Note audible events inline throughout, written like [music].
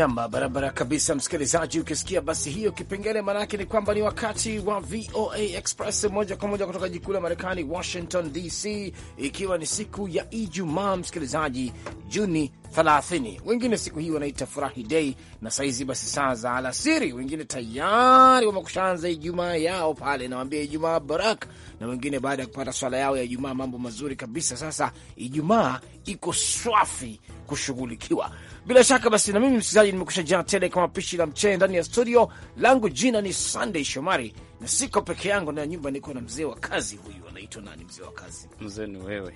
Nam, barabara kabisa, msikilizaji. Ukisikia basi hiyo kipengele, maanake ni kwamba ni wakati wa VOA Express moja kwa moja kutoka jikuu la Marekani, Washington DC, ikiwa ni siku ya Ijumaa, msikilizaji, Juni 30. Wengine siku hii wanaita furahi dei, na saizi basi saa za alasiri, wengine tayari wamekushaanza Ijumaa yao pale, nawambia Ijumaa baraka, na wengine baada ya kupata swala yao ya Ijumaa mambo mazuri kabisa. Sasa Ijumaa iko swafi kushughulikiwa bila shaka basi, na mimi msikilizaji, nimekusha jaa tele kama pishi la mchele ndani ya studio langu. Jina ni Sunday Shomari na siko peke yangu, na nyumba niko na mzee wa kazi. Huyu anaitwa nani? Mzee wa kazi, mzee ni wewe.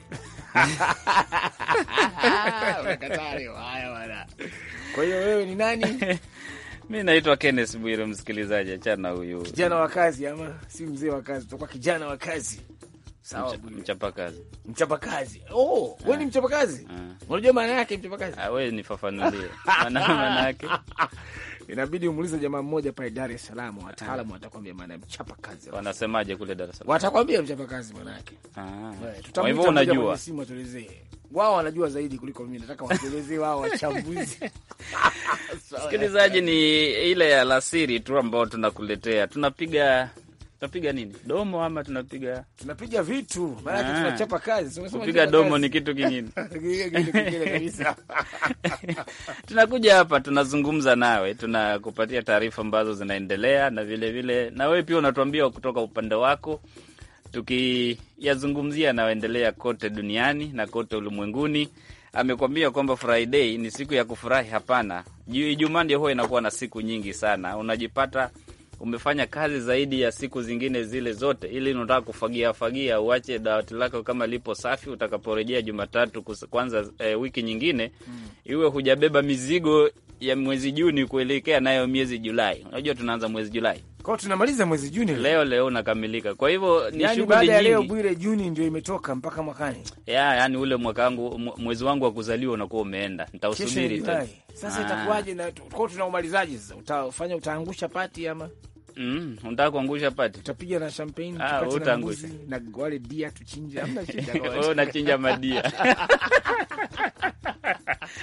[laughs] Kwa hiyo wewe ni nani? [laughs] Mi naitwa Kennes Bwire. Msikilizaji, achana huyu kijana wa kazi, ama si mzee wa kazi, tokwa kijana wa kazi Sawa, mchapakazi. Mchapakazi. Oh, wewe ni ah. mchapakazi? Ah. Unajua maana yake mchapakazi? Ah, wewe nifafanulie. Maana [laughs] yake. [laughs] Inabidi umuulize jamaa mmoja pale Dar es Salaam, wataalamu ah. watakwambia maana mchapakazi. Wanasemaje kule Dar es Salaam? Watakwambia mchapakazi maana yake. Ah. Kwa unajua. Simu atuelezee. Wao wanajua zaidi kuliko mimi. Nataka watuelezee wao wachambuzi. [laughs] Sikilizaji, ni ile ya alasiri tu ambao tunakuletea. Tunapiga tunapiga nini, domo ama tunapiga tunapiga vitu, maanake ah. tunachapa kazi. Kupiga domo ni [laughs] kitu kingine kabisa. [laughs] Tunakuja hapa tunazungumza nawe, tunakupatia taarifa ambazo zinaendelea, na vilevile vile, na wewe pia unatuambia kutoka upande wako tukiyazungumzia yanayoendelea kote duniani na kote ulimwenguni. Amekwambia kwamba Friday ni siku ya kufurahi? Hapana, Ijumaa ndio huwa inakuwa na siku nyingi sana, unajipata umefanya kazi zaidi ya siku zingine zile zote, ili unataka kufagia fagia, uache dawati lako kama lipo safi, utakaporejea Jumatatu kwanza e, wiki nyingine mm, iwe hujabeba mizigo ya mwezi Juni kuelekea nayo miezi Julai. Unajua tunaanza mwezi Julai kwao tunamaliza mwezi Juni leo, leo unakamilika. Kwa hivyo ni yani, shughuli nyingi leo Bwire, Juni ndio imetoka mpaka mwakani ya yani, ule mwaka wangu mwezi wangu wa kuzaliwa unakuwa umeenda, nitausubiri sasa. Ah. Itakuwaje na kwao tunaumalizaje sasa? Utafanya utaangusha pati ama Mm, unataka kuangusha pati. Tutapiga na champagne, ah, na na wale dia tuchinje. Hamna shida. [laughs] Oh, nachinja madia. [laughs]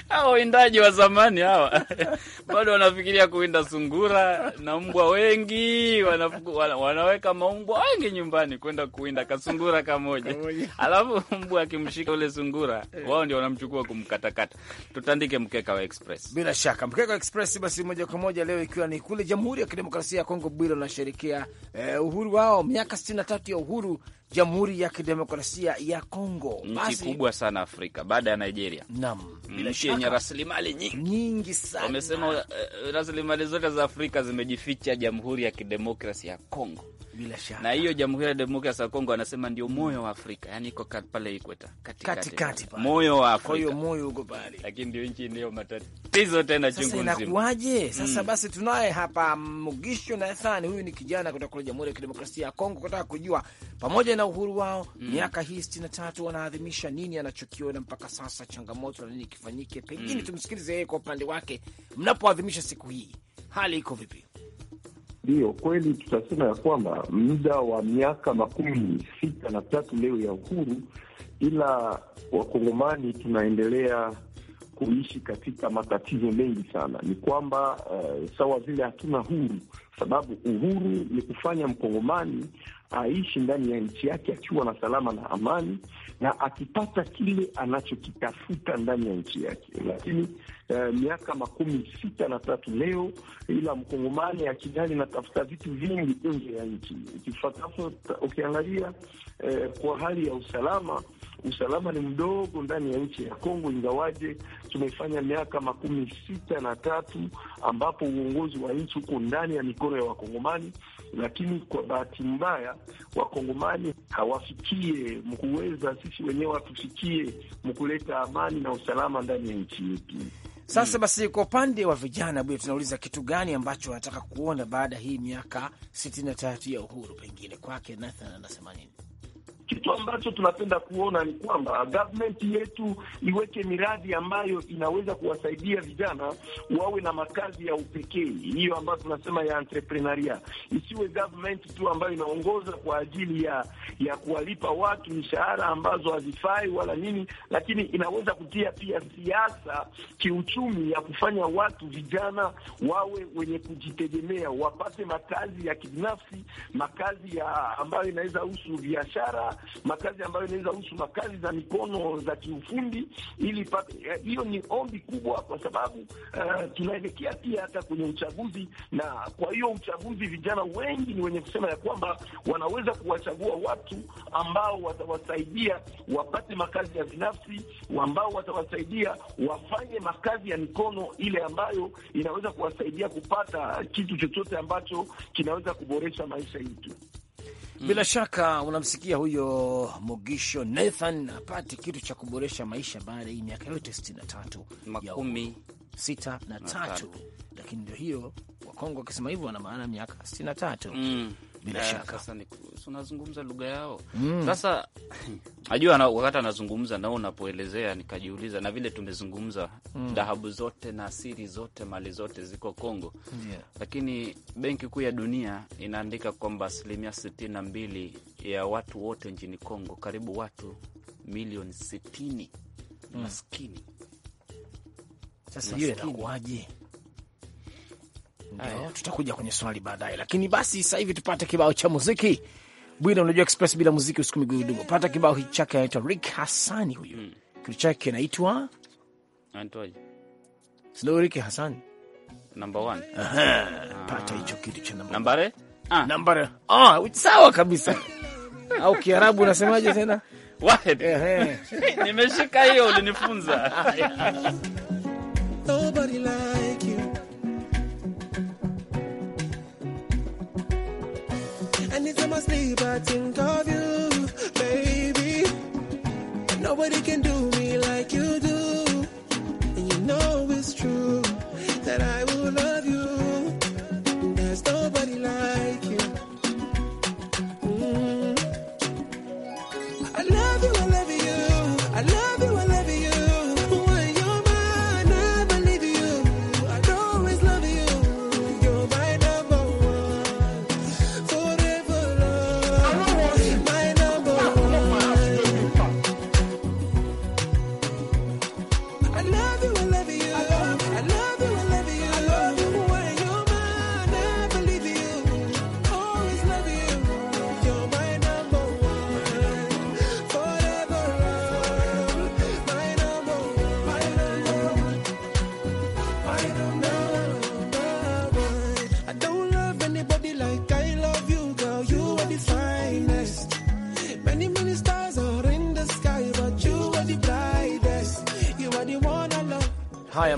Hao wawindaji wa zamani hawa [laughs] bado wanafikiria kuwinda sungura na mbwa wengi wanafuku, wana, wanaweka maumbwa wengi nyumbani kwenda kuwinda kasungura kamoja, alafu mbwa akimshika ule sungura eh. wao ndio wanamchukua kumkatakata. Tutandike mkeka wa express, bila shaka mkeka wa express. Basi moja kwa moja leo ikiwa ni kule Jamhuri ya Kidemokrasia ya Kongo Bwire, wanasherekea eh, uhuru wao miaka 63 ya uhuru Jamhuri ya Kidemokrasia ya Kongo, nchi kubwa sana Afrika baada ya Nigeria. Naam, mm, nchi yenye rasilimali nyingi nyingi sana. Wamesema uh, rasilimali zote za Afrika zimejificha Jamhuri ya Kidemokrasia ya Kongo. Bila shaka. Na hiyo Jamhuri ya Demokrasia ya Kongo anasema ndio moyo wa Afrika, yani iko pale ikweta katikati kati kati, moyo wa Afrika. Kwa hiyo moyo uko pale, lakini ndio nchi ndio matatizo tena chungu nzima. Hmm. Sasa inakuaje? Sasa Mm. basi tunaye hapa Mugisho na Ethani, huyu ni kijana kutoka kule Jamhuri ya Kidemokrasia ya Kongo, kutaka kujua pamoja na uhuru wao hmm. miaka mm. hii 63 wanaadhimisha nini, anachokiona mpaka sasa, changamoto na nini kifanyike. Pengine mm. tumsikilize yeye kwa upande wake, mnapoadhimisha siku hii hali iko vipi? Ndiyo kweli, tutasema ya kwamba muda wa miaka makumi sita na tatu leo ya uhuru, ila wakongomani tunaendelea kuishi katika matatizo mengi sana. Ni kwamba uh, sawa vile hatuna huru, sababu uhuru ni kufanya mkongomani aishi ndani ya nchi yake akiwa na salama na amani na akipata kile anachokitafuta ndani ya nchi yake. Lakini uh, miaka makumi sita na tatu leo, ila mkongomani akijali natafuta vitu vingi nje ya nchi. ukiangalia uh, kwa hali ya usalama usalama ni mdogo ndani ya nchi ya Kongo, ingawaje tumefanya miaka makumi sita na tatu ambapo uongozi wa nchi uko ndani ya mikono ya Wakongomani, lakini kwa bahati mbaya Wakongomani hawafikie mkuweza sisi wenyewe hatufikie mkuleta amani na usalama ndani ya nchi yetu. Sasa basi, kwa upande wa vijana bwana, tunauliza kitu gani ambacho wanataka kuona baada ya hii miaka sitini na tatu ya uhuru? Pengine kwake Nathan anasema nini? kitu ambacho tunapenda kuona ni kwamba government yetu iweke miradi ambayo inaweza kuwasaidia vijana wawe na makazi ya upekee, hiyo ambayo tunasema ya entrepreneuria. Isiwe government tu ambayo inaongoza kwa ajili ya ya kuwalipa watu mishahara ambazo hazifai wala nini, lakini inaweza kutia pia siasa kiuchumi ya kufanya watu vijana wawe wenye kujitegemea, wapate makazi ya kibinafsi, makazi ya ambayo inaweza husu biashara makazi ambayo inaweza husu makazi za mikono za kiufundi, ili eh, hiyo ni ombi kubwa, kwa sababu uh, tunaelekea pia hata kwenye uchaguzi, na kwa hiyo uchaguzi, vijana wengi ni wenye kusema ya kwamba wanaweza kuwachagua watu ambao watawasaidia wapate makazi ya binafsi, ambao watawasaidia wafanye makazi ya mikono ile ambayo inaweza kuwasaidia kupata kitu chochote ambacho kinaweza kuboresha maisha yetu. Bila shaka unamsikia huyo mogisho Nathan apate kitu cha kuboresha maisha baada ya hii miaka yote 63 makumi sita na tatu, lakini ndio hiyo Wakongo wakisema hivyo wana maana miaka 63 bila yeah, shaka sasa ni unazungumza lugha yao mm. Sasa [clears throat] najua na, wakati anazungumza nao unapoelezea nikajiuliza na vile tumezungumza mm. Dhahabu zote na asiri zote mali zote ziko Kongo yeah. Lakini Benki Kuu ya Dunia inaandika kwamba asilimia sitini na mbili ya watu wote nchini Kongo, karibu watu milioni sitini mm. maskini mm. Sasa hiyo inakuwaje? tutakuja kwenye swali baadaye, lakini basi sasa hivi tupate kibao cha muziki. Bwana, unajua Express bila muziki usikumi gurudumu. Pata kibao hiki chake, anaitwa Rick Hassani huyu mm. Kitu chake kinaitwa Antoine. Slow Rick Hassani number 1. ah. Pata hicho kitu cha number Number? Eh? ah. number ah, oh, sawa kabisa [laughs] au Kiarabu unasemaje tena? Wahed. [laughs] Nimeshika hiyo ulinifunza. Nobody [laughs] think of you.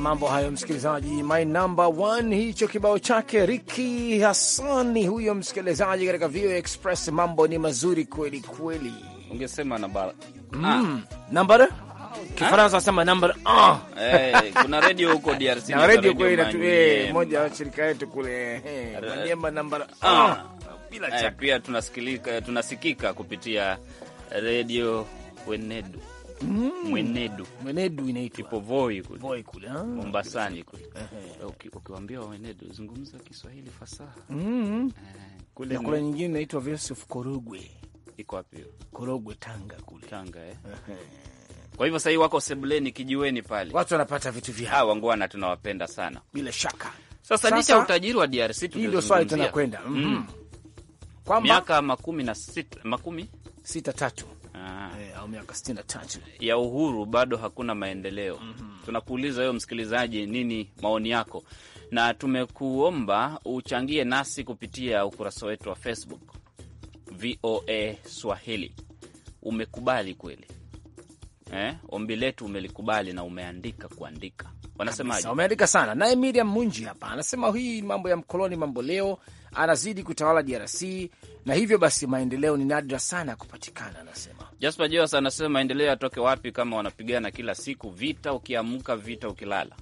mambo hayo, msikilizaji. My number one, hicho kibao chake Riki Hasani huyo msikilizaji, katika VOA Express. Mambo ni mazuri kweli kweli, ungesema nambar mm. Ah. nambar eh? Kifaransa wasema nambara ah. Hey, eh, kuna redio huko DRC [laughs] na redio kweli inatu eh, moja wa shirika yetu kule hey, Maniema nambara ah. Bila hey, pia tunasikika, tunasikika kupitia redio Wenedu mm. Mwenedu, mwenedu inaitwa ipo Voi kule, Voi kule Ah. Mombasani kule. Eh, ukiwaambia Ukiwaambiwa mwenedu zungumza Kiswahili fasaha mm. Kule Kule nyingine inaitwa Voice Korogwe, iko wapi? Korogwe Tanga kule, Tanga eh. Kwa hivyo sahii wako sebuleni, kijiweni pale, watu wanapata vitu vya hawa Wangwana tunawapenda sana bila shaka. Sasa licha utajiri wa DRC, hii ndio swali tunakwenda mm-hmm. mm. kwamba miaka makumi na sita, makumi sita tatu Ah. eh, au miaka sitini na tatu ya uhuru bado hakuna maendeleo. mm -hmm. Tunakuuliza wewe msikilizaji, nini maoni yako, na tumekuomba uchangie nasi kupitia ukurasa wetu wa Facebook VOA Swahili. Umekubali kweli eh? Ombi letu umelikubali na umeandika kuandika, wanasemaje? Umeandika sana. Naye Miriam Munji hapa anasema hii mambo ya mkoloni mambo leo anazidi kutawala DRC na hivyo basi maendeleo ni nadra sana kupatikana, anasema Jasper Joas. Anasema maendeleo yatoke wapi kama wanapigana kila siku, vita ukiamka, vita ukilala.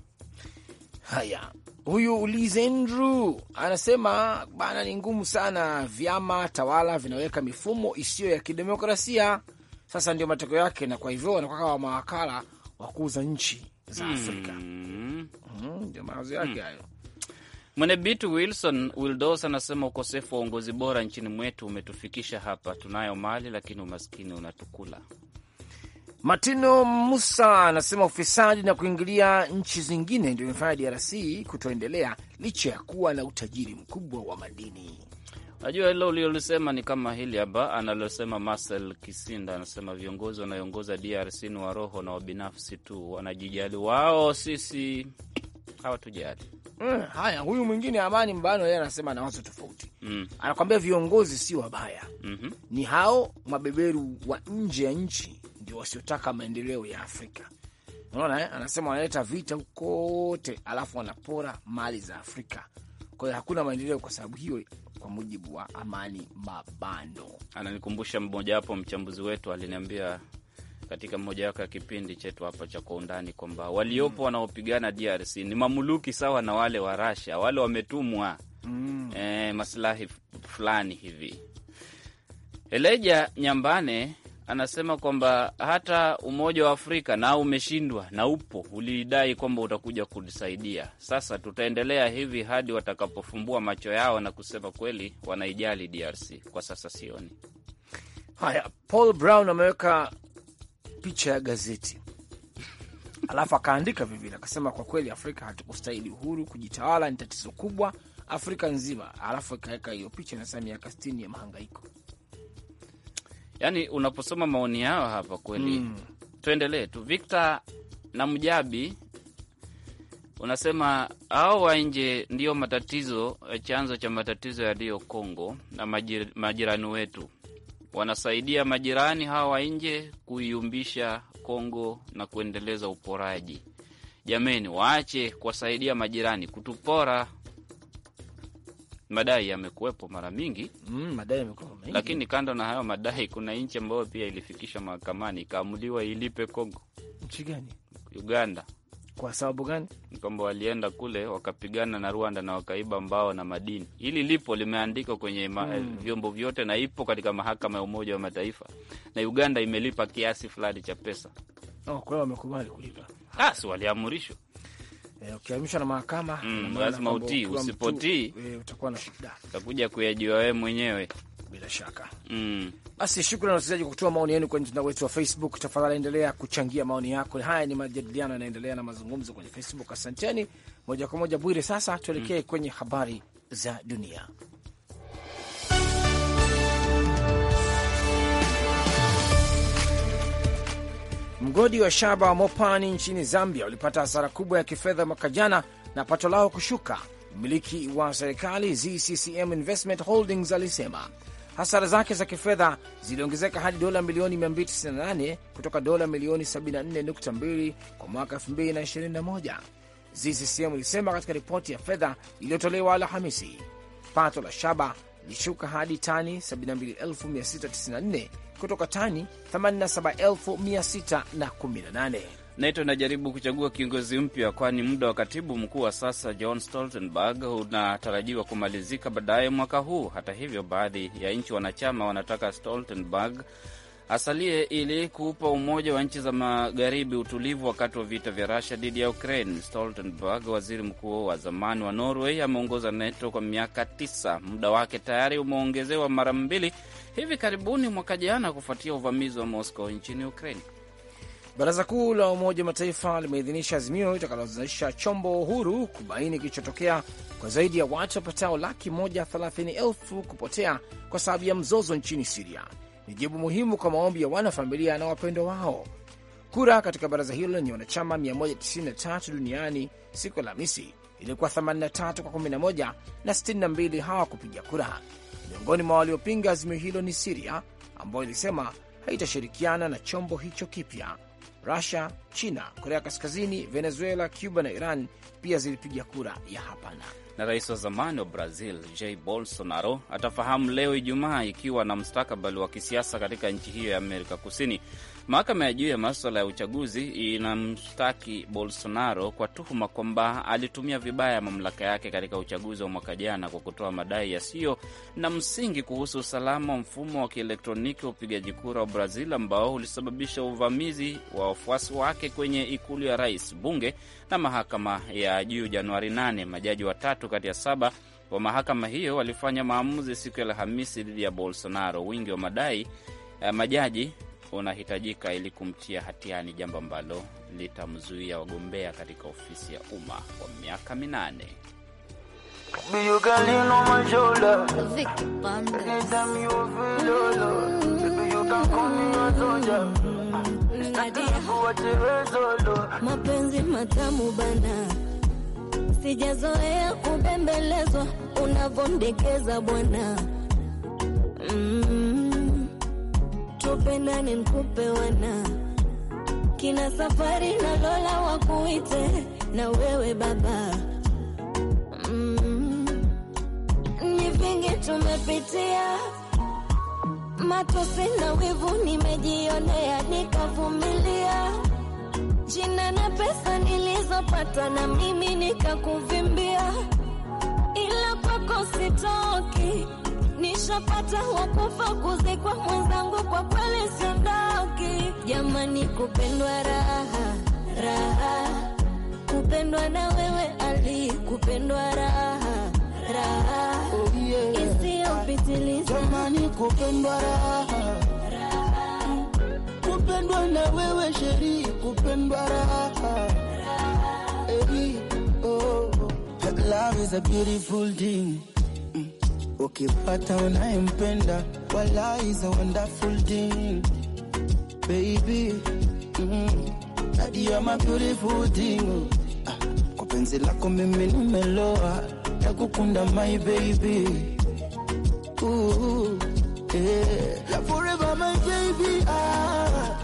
Haya, huyu Ulizendru anasema bana, ni ngumu sana, vyama tawala vinaweka mifumo isiyo ya kidemokrasia. Sasa ndio matokeo yake, na kwa hivyo wanakuwa kama mawakala wa kuuza nchi za hmm. Afrika. Hmm. Hmm, ndio mawazo yake hayo. Mwenebitu Wilson Wildos anasema ukosefu wa uongozi bora nchini mwetu umetufikisha hapa. Tunayo mali lakini umaskini unatukula. Martino Musa anasema ufisadi na kuingilia nchi zingine ndio imefanya DRC kutoendelea licha ya kuwa na utajiri mkubwa wa madini. Najua hilo uliolisema ni kama hili hapa analosema Marcel Kisinda, anasema viongozi wanaoongoza DRC ni waroho na wabinafsi tu, wanajijali wao, sisi hawatujali. Mm, haya, huyu mwingine Amani Mbano yeye anasema na wazo tofauti mm. Anakwambia viongozi si wabaya mm -hmm. Ni hao mabeberu wa nje ya nchi ndio wasiotaka maendeleo ya Afrika. Unaona eh? Anasema wanaleta vita huko kote, alafu wanapora mali za Afrika. Kwa hiyo hakuna maendeleo kwa sababu hiyo, kwa mujibu wa Amani Mabano. Ananikumbusha mmoja wapo mchambuzi wetu aliniambia katika mmoja wako ya kipindi chetu hapa cha Kwa Undani kwamba waliopo mm. wanaopigana DRC ni mamuluki sawa na wale wa Rasha, wale wametumwa mm. eh, masilahi fulani hivi. Eleja Nyambane anasema kwamba hata Umoja wa Afrika nao umeshindwa na upo, ulidai kwamba utakuja kutusaidia. Sasa tutaendelea hivi hadi watakapofumbua macho yao na kusema kweli wanaijali DRC. Kwa sasa sioni haya. Paul Brown ameweka picha ya gazeti alafu akaandika vivile, akasema kwa kweli Afrika hatukustahili uhuru, kujitawala ni tatizo kubwa Afrika nzima. Alafu akaweka hiyo picha na miaka sitini ya mahangaiko. Yani unaposoma maoni yao hapa kweli mm. Tuendelee tu. Victor na Mjabi unasema hao wa nje ndio matatizo, eh, chanzo cha matatizo yaliyo Kongo na majir, majirani wetu wanasaidia majirani hawa nje kuiumbisha Kongo na kuendeleza uporaji. Jameni, waache kuwasaidia majirani kutupora. Madai yamekuwepo mara mingi mm, madai lakini kando na hayo madai, kuna nchi ambayo pia ilifikisha mahakamani ikaamuliwa ilipe Kongo. Nchi gani? Uganda. Kwa sababu gani? Ni kwamba walienda kule wakapigana na Rwanda na wakaiba mbao na madini. Hili lipo limeandikwa kwenye eh, hmm, vyombo vyote na ipo katika mahakama ya Umoja wa Mataifa, na Uganda imelipa kiasi fulani cha pesa. Oh, kwa hiyo wamekubali kulipa. Ah, si ukiamishwa eh, na mahakama, hmm, lazima utii. Usipotii eh, utakuwa na shida, utakuja kuyajua wewe mwenyewe bila shaka mm. basi shukrani Shukran wasikilizaji kwa kutoa maoni yenu kwenye mtandao wetu wa Facebook. Tafadhali endelea kuchangia maoni yako. Haya ni majadiliano yanaendelea na mazungumzo kwenye Facebook. Asanteni moja kwa moja. Bwire, sasa tuelekee mm. kwenye habari za dunia. Mgodi wa shaba wa Mopani nchini Zambia ulipata hasara kubwa ya kifedha mwaka jana na pato lao kushuka. Mmiliki wa serikali ZCCM Investment Holdings alisema hasara zake za kifedha ziliongezeka hadi dola milioni 298 kutoka dola milioni 74.2 kwa mwaka 2021, ZCCM ilisema katika ripoti ya fedha iliyotolewa Alhamisi. Pato la shaba lilishuka hadi tani 72694 kutoka tani 87618. NATO inajaribu kuchagua kiongozi mpya, kwani muda wa katibu mkuu wa sasa John Stoltenberg unatarajiwa kumalizika baadaye mwaka huu. Hata hivyo, baadhi ya nchi wanachama wanataka Stoltenberg asalie ili kuupa Umoja wa Nchi za Magharibi utulivu wakati wa vita vya Russia dhidi ya Ukraine. Stoltenberg, waziri mkuu wa zamani wa Norway, ameongoza NATO kwa miaka tisa. Muda wake tayari umeongezewa mara mbili hivi karibuni mwaka jana, kufuatia uvamizi wa Moscow nchini Ukraine. Baraza Kuu la Umoja wa Mataifa limeidhinisha azimio litakaloanzisha chombo huru kubaini kilichotokea kwa zaidi ya watu wapatao laki moja thelathini elfu kupotea kwa sababu ya mzozo nchini Siria. Ni jibu muhimu kwa maombi ya wanafamilia na wapendwa wao. Kura katika baraza hilo lenye wanachama 193 duniani siku ya Alhamisi ilikuwa 83 kwa 11 na 62 hawakupiga kura. Miongoni mwa waliopinga azimio hilo ni Siria ambayo ilisema haitashirikiana na chombo hicho kipya. Rusia, China, Korea Kaskazini, Venezuela, Cuba na Iran pia zilipiga kura ya hapana. Na rais wa zamani wa Brazil Jair Bolsonaro atafahamu leo Ijumaa ikiwa na mstakabali wa kisiasa katika nchi hiyo ya Amerika Kusini. Mahakama ya juu ya maswala ya uchaguzi inamshtaki Bolsonaro kwa tuhuma kwamba alitumia vibaya mamlaka yake katika uchaguzi wa mwaka jana kwa kutoa madai yasiyo na msingi kuhusu usalama wa mfumo wa kielektroniki wa upigaji kura wa Brazil ambao ulisababisha uvamizi wa wafuasi wake kwenye ikulu ya rais, bunge na mahakama ya juu Januari 8. Majaji watatu kati ya saba wa mahakama hiyo walifanya maamuzi siku ya Alhamisi dhidi ya Bolsonaro. Wingi wa madai eh, majaji unahitajika ili kumtia hatiani, jambo ambalo litamzuia wagombea katika ofisi ya umma kwa miaka minane. Mapenzi matamu bana, sijazoea kubembelezwa, unavondekeza bwana mm upendani mkupe wana kina safari na Lola wakuite na wewe baba mm. Ni vingi tumepitia, matosi na wivu nimejionea, nikavumilia. Jina na pesa nilizopata na mimi nikakuvimbia, ila kwako sitoki Nishapata wakufa kuzikwa mwenzangu, kwa kweli siondoki jamani, kupendwa raha raha, kupendwa na wewe Ali, kupendwa raha raha isiyopitiliza jamani, kupendwa raha kupendwa na wewe sheri, kupendwa raha oh, oh. Love is a beautiful thing ukipata unayempenda, wala is a wonderful thing baby, mm, that my beautiful thing. Ah, kwa penzi lako mimi nimeloa, kukunda my baby, ooh, yeah, la forever my baby, ah,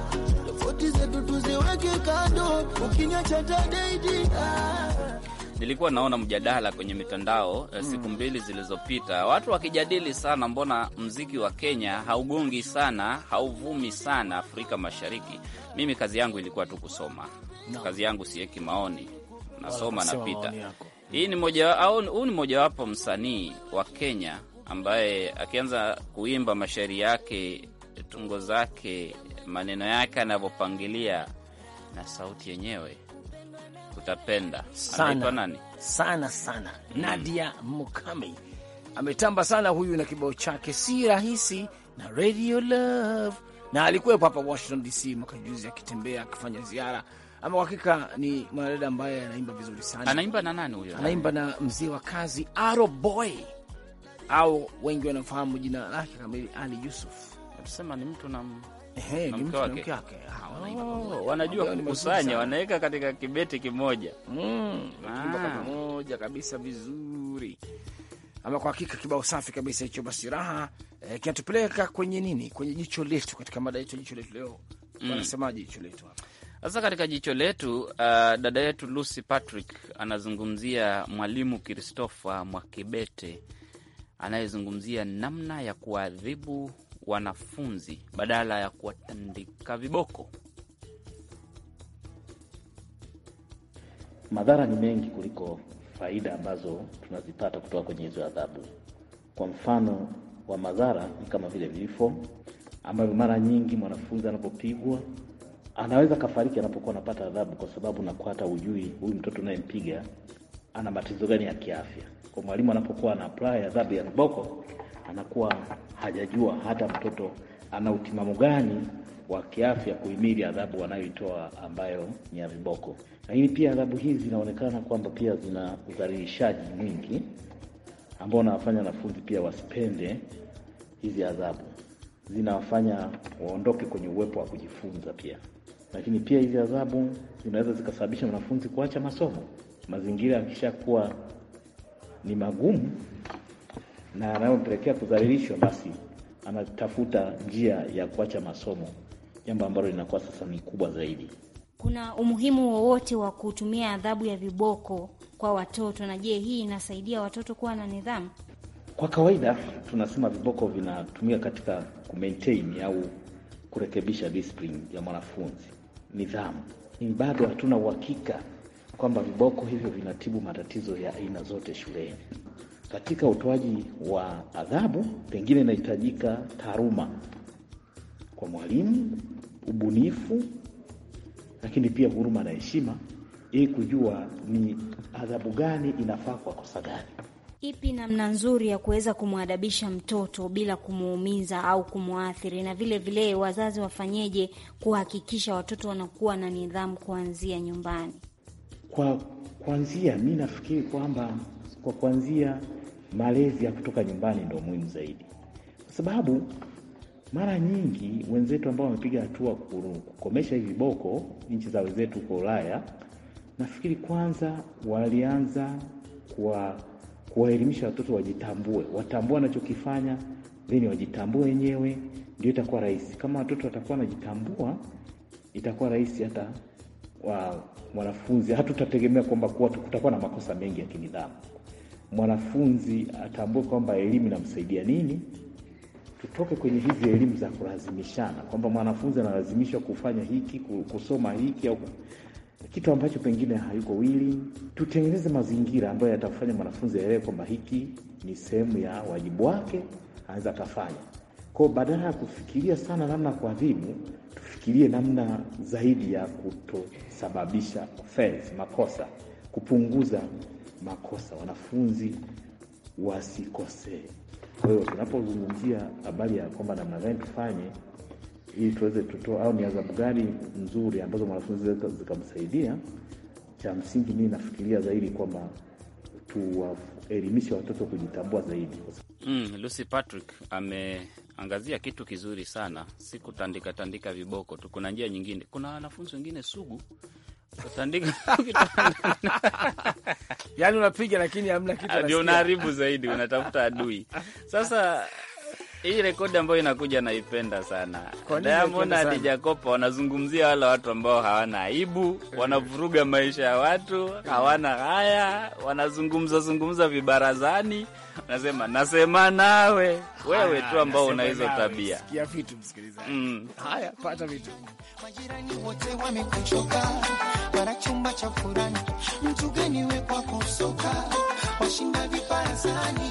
tofauti zetu tuziweke kando, ukiniacha tadaidi, ah nilikuwa naona mjadala kwenye mitandao mm, siku mbili zilizopita, watu wakijadili sana, mbona mziki wa Kenya haugongi sana, hauvumi sana Afrika Mashariki. Mimi kazi yangu ilikuwa tu kusoma no. Kazi yangu sieki maoni, nasoma napita. Hii ni moja, huu ni mojawapo msanii wa Kenya ambaye akianza kuimba mashairi yake, tungo zake, maneno yake anavyopangilia na sauti yenyewe utapenda sana nani? sana sana mm. Nadia Mukami ametamba sana huyu na kibao chake si rahisi na Radio Love, na alikuwepo hapa Washington DC mwaka juzi akitembea akifanya ziara ama hakika ni mwanadada ambaye anaimba vizuri sana. Anaimba na nani huyo? Anaimba na mzee wa kazi Aro Boy, au wengi wanafahamu jina lake kamili Ali Yusuf. Anasema ni mtu na hey, na mke wake oh, wanajua kukusanya, wanaweka katika kibeti kimoja mm, ah. kabisa vizuri. Ama kwa hakika kibao safi kabisa hicho. Basi raha eh, kinatupeleka kwenye nini? Kwenye jicho letu, katika mada yetu jicho letu leo mm. wanasemaje jicho letu hapa sasa katika jicho letu uh, dada yetu Lucy Patrick anazungumzia Mwalimu Christopher Mwakibete anayezungumzia namna ya kuadhibu wanafunzi badala ya kuwatandika viboko. Madhara ni mengi kuliko faida ambazo tunazipata kutoka kwenye hizo adhabu. Kwa mfano wa madhara ni kama vile vifo ambavyo mara nyingi mwanafunzi anapopigwa anaweza kafariki anapokuwa anapata adhabu, kwa sababu nakuata ujui huyu mtoto unayempiga ana matatizo gani ya kiafya. Kwa mwalimu anapokuwa ana apply adhabu ya viboko anakuwa hajajua hata mtoto ana utimamu gani wa kiafya kuhimili adhabu wanayoitoa ambayo ni ya viboko. Lakini pia adhabu hizi zinaonekana kwamba pia zina udhalilishaji mwingi ambao unawafanya wanafunzi pia wasipende hizi adhabu, zinawafanya waondoke kwenye uwepo wa kujifunza pia. Lakini pia hizi adhabu zinaweza zikasababisha mwanafunzi kuacha masomo. Mazingira yakishakuwa ni magumu, na anayompelekea kudhalilishwa, basi anatafuta njia ya kuacha masomo, jambo ambalo linakuwa sasa ni kubwa zaidi. Kuna umuhimu wowote wa kutumia adhabu ya viboko kwa watoto? Na je, hii inasaidia watoto kuwa na nidhamu? Kwa kawaida tunasema viboko vinatumika katika kumaintain au kurekebisha discipline ya mwanafunzi, nidhamu. Ni bado hatuna uhakika kwamba viboko hivyo vinatibu matatizo ya aina zote shuleni. Katika utoaji wa adhabu, pengine inahitajika taaruma kwa mwalimu, ubunifu, lakini pia huruma na heshima, ili kujua ni adhabu gani inafaa kwa kosa gani. Ipi namna nzuri ya kuweza kumwadabisha mtoto bila kumuumiza au kumwathiri, na vile vile wazazi wafanyeje kuhakikisha watoto wanakuwa na nidhamu kuanzia nyumbani? Kwa kuanzia, mi nafikiri kwamba kwa kuanzia malezi ya kutoka nyumbani ndio muhimu zaidi, kwa sababu mara nyingi wenzetu ambao wamepiga hatua kukomesha hivi viboko nchi za wenzetu huko Ulaya, nafikiri kwanza walianza kuwaelimisha watoto wajitambue, watambue wanachokifanya, then wajitambue wenyewe, ndio itakuwa rahisi. Kama watoto watakuwa wanajitambua, itakuwa rahisi hata wa wanafunzi hatutategemea kwamba kuwa kutakuwa na makosa mengi ya kinidhamu mwanafunzi atambue kwamba elimu inamsaidia nini. Tutoke kwenye hizi elimu za kulazimishana kwamba mwanafunzi analazimishwa kufanya hiki, kusoma hiki au kitu ambacho pengine hayuko wili. Tutengeneze mazingira ambayo yatafanya mwanafunzi aelewe kwamba hiki ni sehemu ya wajibu wake, anaweza akafanya kwao. Badala ya kufikiria sana namna kuadhibu, tufikirie namna zaidi ya kutosababisha offense, makosa, kupunguza makosa, wanafunzi wasikosee. Kwa hiyo tunapozungumzia habari ya kwamba namna gani tufanye ili tuweze tutoa, au ni adhabu gani nzuri ambazo mwanafunzi zikamsaidia, cha msingi mimi nafikiria zaidi kwamba tuwaelimishe watoto kujitambua zaidi. Mm, Lucy Patrick ameangazia kitu kizuri sana, si kutandika tandika viboko tu. Kuna njia nyingine, kuna wanafunzi wengine sugu Utandika [laughs] [laughs] yani unapiga lakini hamna kitu, ah, ndio unaharibu zaidi, unatafuta adui sasa. Hii rekodi ambayo inakuja naipenda sana. Diamond na Adija Kopa wanazungumzia wale watu ambao hawana aibu, eh. wanavuruga maisha ya watu, eh. hawana haya, wanazungumza zungumza vibarazani, nasema nasema nawe wewe tu ambao una hizo tabia. Sikia vitu msikilizaji. Mm. Haya, pata vitu. Majirani wote wamekuchoka, wana chumba cha furani, mtu gani wewe washinda vibarazani,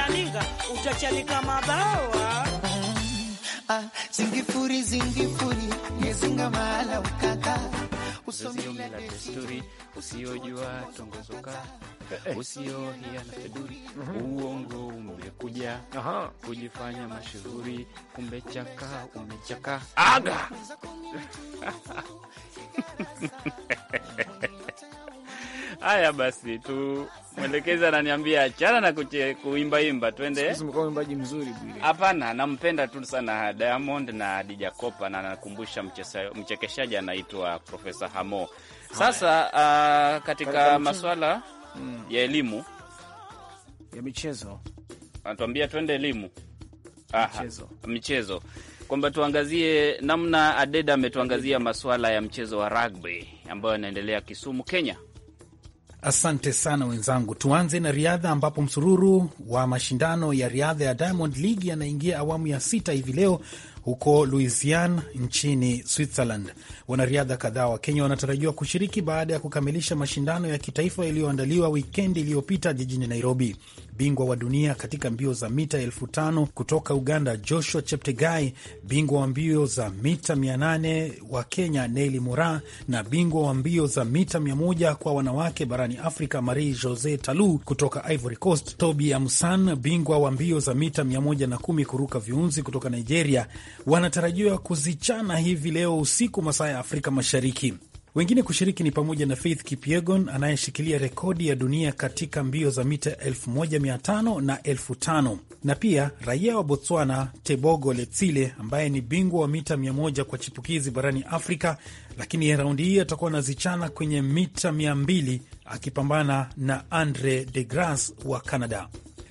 Utalalamika, utachanika mabawa. Ah, zingifuri zingifuri yezinga mahala ukaka usomi la desturi usiyojua tongozoka usio eh, eh. usiohiana feduri mhm. uongo umekuja kujifanya mashuhuri umechaka umechaka aga [laughs] [laughs] Haya basi, tu mwelekezi ananiambia achana na kuche, kuimbaimba twende. Mwimbaji mzuri Hapana, nampenda tu sana Diamond na Dija Kopa, na anakumbusha mchekeshaji anaitwa Profesa Hamo. Sasa uh, katika masuala maswala hmm. ya elimu ya michezo anatuambia twende elimu michezo, michezo kwamba tuangazie namna Adeda ametuangazia masuala ya mchezo wa rugby ambayo yanaendelea Kisumu, Kenya. Asante sana wenzangu, tuanze na riadha ambapo msururu wa mashindano ya riadha ya Diamond League yanaingia awamu ya sita hivi leo huko Louisiana nchini Switzerland. Wanariadha kadhaa wa Kenya wanatarajiwa kushiriki baada ya kukamilisha mashindano ya kitaifa yaliyoandaliwa wikendi iliyopita jijini Nairobi bingwa wa dunia katika mbio za mita elfu tano kutoka Uganda Joshua Cheptegai, bingwa wa mbio za mita 800 wa Kenya Neli Mura na bingwa wa mbio za mita 100 kwa wanawake barani Afrika Marie Jose Talu kutoka Ivory Coast, Tobi Amsan, bingwa wa mbio za mita 110 kuruka viunzi kutoka Nigeria, wanatarajiwa kuzichana hivi leo usiku masaa ya Afrika Mashariki. Wengine kushiriki ni pamoja na Faith Kipyegon anayeshikilia rekodi ya dunia katika mbio za mita 1500 na 5000 na pia raia wa Botswana Tebogo Letsile ambaye ni bingwa wa mita 100 kwa chipukizi barani Afrika, lakini raundi hii atakuwa anazichana kwenye mita 200 akipambana na Andre de gras wa Canada.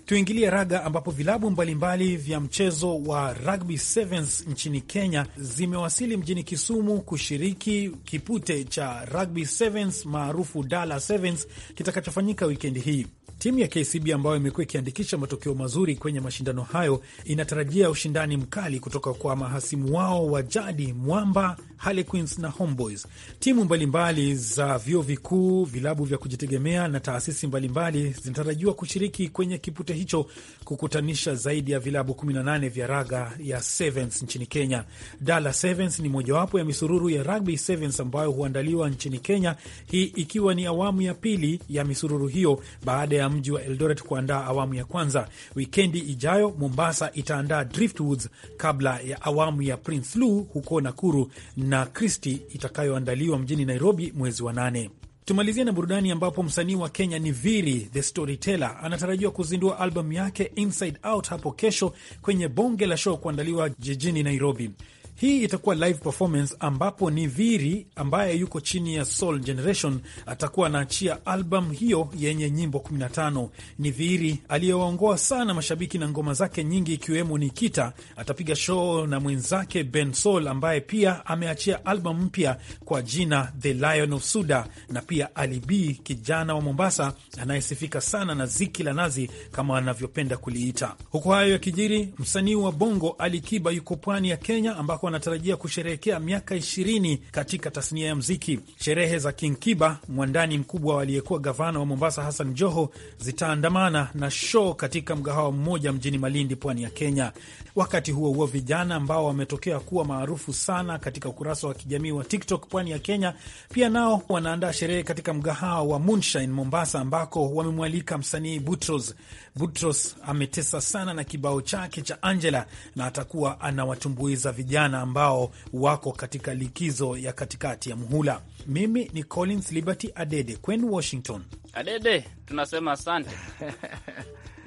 Tuingilie raga ambapo vilabu mbalimbali mbali vya mchezo wa rugby sevens nchini Kenya zimewasili mjini Kisumu kushiriki kipute cha rugby sevens maarufu Dala sevens kitakachofanyika wikendi hii. Timu ya KCB ambayo imekuwa ikiandikisha matokeo mazuri kwenye mashindano hayo inatarajia ushindani mkali kutoka kwa mahasimu wao wa jadi Mwamba, Harlequins na Homeboys. Timu mbalimbali mbali za vyuo vikuu, vilabu vya kujitegemea na taasisi mbalimbali zinatarajiwa kushiriki kwenye kipute hicho kukutanisha zaidi ya vilabu 18 vya raga ya Sevens nchini Kenya. Dala Sevens ni mojawapo ya misururu ya rugby sevens ambayo huandaliwa nchini Kenya, hii ikiwa ni awamu ya pili ya misururu hiyo baada ya mji wa Eldoret kuandaa awamu ya kwanza. Wikendi ijayo Mombasa itaandaa Driftwoods kabla ya awamu ya Prince Lu huko Nakuru na Christie itakayoandaliwa mjini Nairobi mwezi wa nane. Tumalizia na burudani ambapo msanii wa Kenya Niviri the Storyteller anatarajiwa kuzindua albamu yake Inside Out hapo kesho kwenye bonge la show kuandaliwa jijini Nairobi. Hii itakuwa live performance ambapo Niviri ambaye yuko chini ya Soul Generation atakuwa anaachia albamu hiyo yenye nyimbo 15. Niviri aliyewaongoa sana mashabiki na ngoma zake nyingi ikiwemo Nikita atapiga show na mwenzake Ben Soul ambaye pia ameachia albamu mpya kwa jina The Lion of Suda, na pia Ali B, kijana wa Mombasa anayesifika sana na ziki la nazi kama anavyopenda kuliita. Huku hayo yakijiri, msanii wa bongo Ali Kiba yuko pwani ya Kenya ambako wanatarajia kusherehekea miaka ishirini katika tasnia ya mziki. Sherehe za King Kiba, mwandani mkubwa waliyekuwa gavana wa Mombasa Hassan Joho, zitaandamana na show katika mgahawa mmoja mjini Malindi, pwani ya Kenya. Wakati huo huo, vijana ambao wametokea kuwa maarufu sana katika ukurasa wa kijamii wa TikTok pwani ya Kenya pia nao wanaandaa sherehe katika mgahawa wa Moonshine Mombasa, ambako wamemwalika msanii Butros. Butros ametesa sana na kibao chake cha Angela na atakuwa anawatumbuiza vijana vijana ambao wako katika likizo ya katikati ya muhula. Mimi ni Collins Liberty Adede kwenu Washington. Adede tunasema asante. [laughs]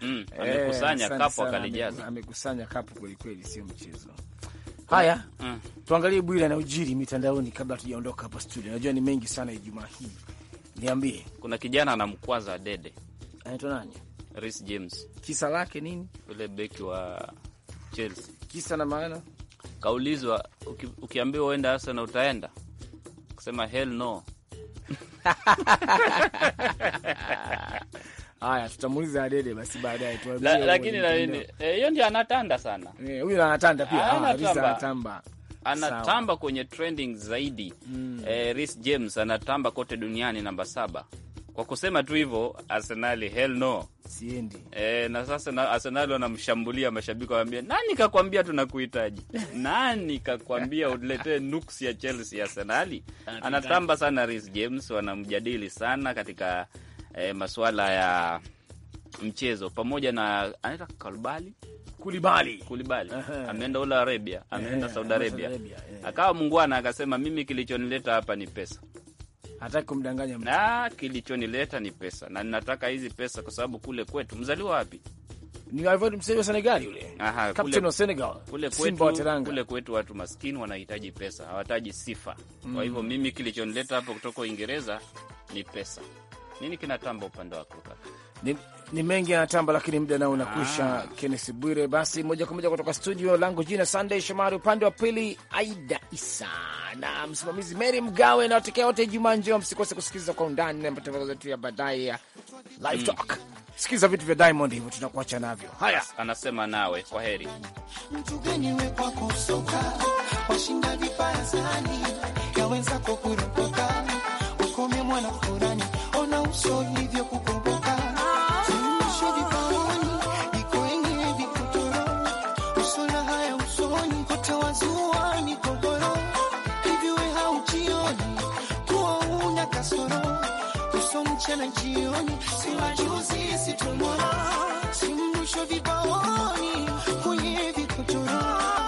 Mm, eh, amekusanya eh, kapu akalijaza, amekusanya kapu kwelikweli, sio mchezo. Mm. Haya, mm, tuangalie bwira na ujiri mitandaoni kabla tujaondoka hapa studio. Najua ni mengi sana Ijumaa hii, niambie. Kuna kijana anamkwaza Adede, anaitwa nani? Reece James. Kisa lake nini? Ule beki wa Chelsea. Kisa na maana kaulizwa, uki, ukiambiwa uenda Arsenal utaenda kusema hell no. [laughs] Haya, tutamuuliza Adede basi baadaye tu. Lakini nini hiyo, ndio anatanda sana eh, huyu, anatanda pia, ah, anatamba anatamba kwenye trending zaidi. Mm. E, eh, Reece James anatamba kote duniani namba saba kwa kusema tu hivyo Arsenali, hell no, siendi e. Na sasa Arsenali wanamshambulia mashabiki, wanaambia nani kakwambia tunakuhitaji? Nani kakwambia utuletee nuks ya Chelsea? Arsenali anatamba sana Reece James, wanamjadili sana katika e, masuala ya mchezo pamoja na anaita Kalbali Kulibali, Kulibali ameenda ula Arabia, ameenda Saudi Arabia, akawa mungwana, akasema mimi kilichonileta hapa ni pesa hataki kumdanganya mtu. Na kilichonileta ni pesa, na ninataka hizi pesa kwa sababu kule kwetu, mzaliwa wapi? Ni Ivory, wa yule. Aha, captain wa Senegal. Kule kwetu, kule kwetu watu maskini wanahitaji pesa, hawataji sifa. Mm. Kwa hivyo mimi kilichonileta hapo kutoka Uingereza ni pesa. Nini kinatamba upande wako kaka? Ni mengi yanatamba, lakini muda nao unakwisha. Ah. kennes Bwire, basi moja kwa moja kutoka studio langu, jina Sunday Shomari, upande wa pili Aida Isa na msimamizi Mary Mgawe nawatekea wote, Ijumaa njema, msikose kusikiliza kwa undani na matangazo yetu ya baadaye ya Live Talk. Sikiza vitu vya Diamond hivyo, tunakuacha navyo. Haya, anasema nawe kwa heri mtu mchana jioni, si wajuzi si tumora si mdusho vibaoni kwenye vikochoro